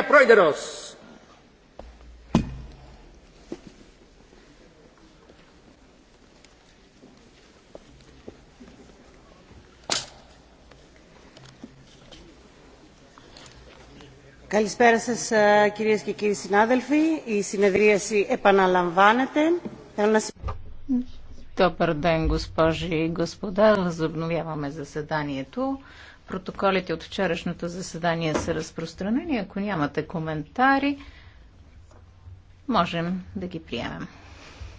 Elena Πρόεδρος. Καλησπέρα σας κυρίες και κύριοι συνάδελφοι. Η συνεδρίαση επαναλαμβάνεται. Θέλω να Добър ден, госпожи и господа. Възобновяваме заседанието. Протоколите от вчерашното заседание са разпространени. Ако нямате коментари, можем да ги приемем.